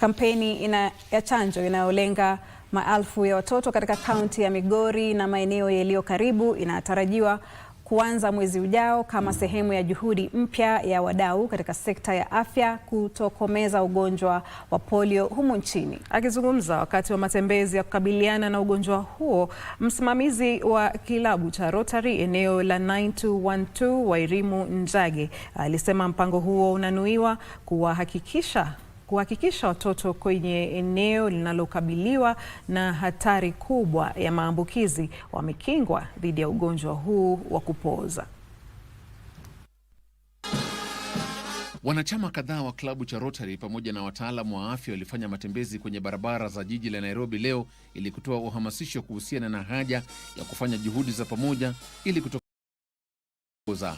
kampeni ina, ya chanjo inayolenga maelfu ya watoto katika kaunti ya Migori na maeneo yaliyo karibu inatarajiwa kuanza mwezi ujao kama sehemu ya juhudi mpya ya wadau katika sekta ya afya kutokomeza ugonjwa wa polio humu nchini. Akizungumza wakati wa matembezi ya kukabiliana na ugonjwa huo, msimamizi wa kilabu cha Rotary eneo la 9212 Wairimu Njage alisema mpango huo unanuiwa kuwahakikisha kuhakikisha watoto kwenye eneo linalokabiliwa na hatari kubwa ya maambukizi wamekingwa dhidi ya ugonjwa huu wa kupooza. Wanachama kadhaa wa klabu cha Rotary pamoja na wataalamu wa afya walifanya matembezi kwenye barabara za jiji la Nairobi leo ili kutoa uhamasisho kuhusiana na haja ya kufanya juhudi za pamoja ili kutoza.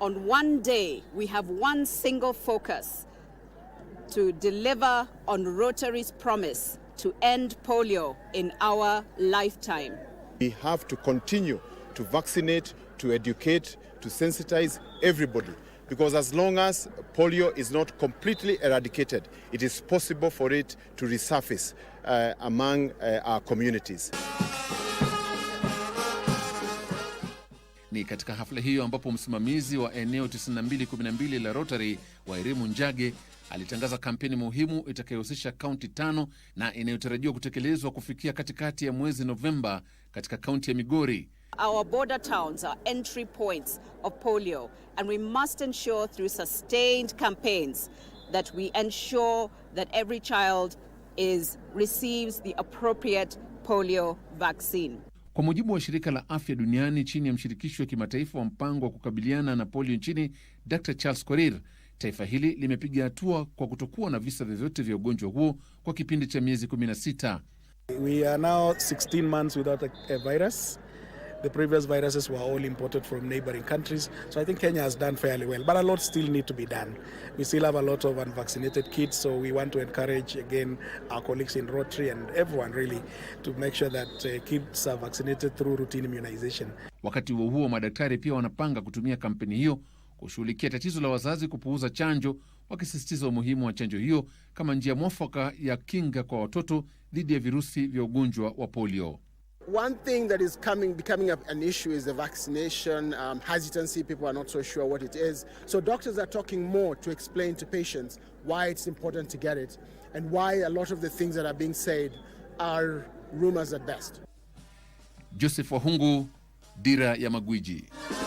On one day we have one single focus to deliver on Rotary's promise to end polio in our lifetime. We have to continue to vaccinate, to educate, to sensitize everybody because as long as polio is not completely eradicated, it is possible for it to resurface uh, among uh, our communities. Ni katika hafla hiyo ambapo msimamizi wa eneo 9212 la Rotary wa Irimu Njage alitangaza kampeni muhimu itakayohusisha kaunti tano na inayotarajiwa kutekelezwa kufikia katikati ya mwezi Novemba katika kaunti ya Migori. Our border towns are entry points of polio and we must ensure through sustained campaigns that we ensure that every child is receives the appropriate polio vaccine. Kwa mujibu wa shirika la afya duniani chini ya mshirikisho wa kimataifa wa mpango wa kukabiliana na polio nchini, Dr Charles Korir Taifa hili limepiga hatua kwa kutokuwa na visa vyovyote vya ugonjwa huo kwa kipindi cha miezi 16. We are now 16 months without a, a virus. The previous viruses were all imported from neighboring countries. So I think Kenya has done fairly well, but a lot still need to be done. We still have a lot of unvaccinated kids, so we want to encourage again our colleagues in Rotary and everyone really to make sure that uh, kids are vaccinated through routine immunization. Wakati huo huo, madaktari pia wanapanga kutumia kampeni hiyo kushughulikia tatizo la wazazi kupuuza chanjo, wakisisitiza umuhimu wa chanjo hiyo kama njia mwafaka ya kinga kwa watoto dhidi ya virusi vya ugonjwa wa polio. One thing that is coming, becoming an issue is the vaccination um, hesitancy. People are not so sure what it is. So doctors are talking more to explain to patients why it's important to get it and why a lot of the things that are being said are rumors at best. Joseph Wahungu, Dira ya Magwiji.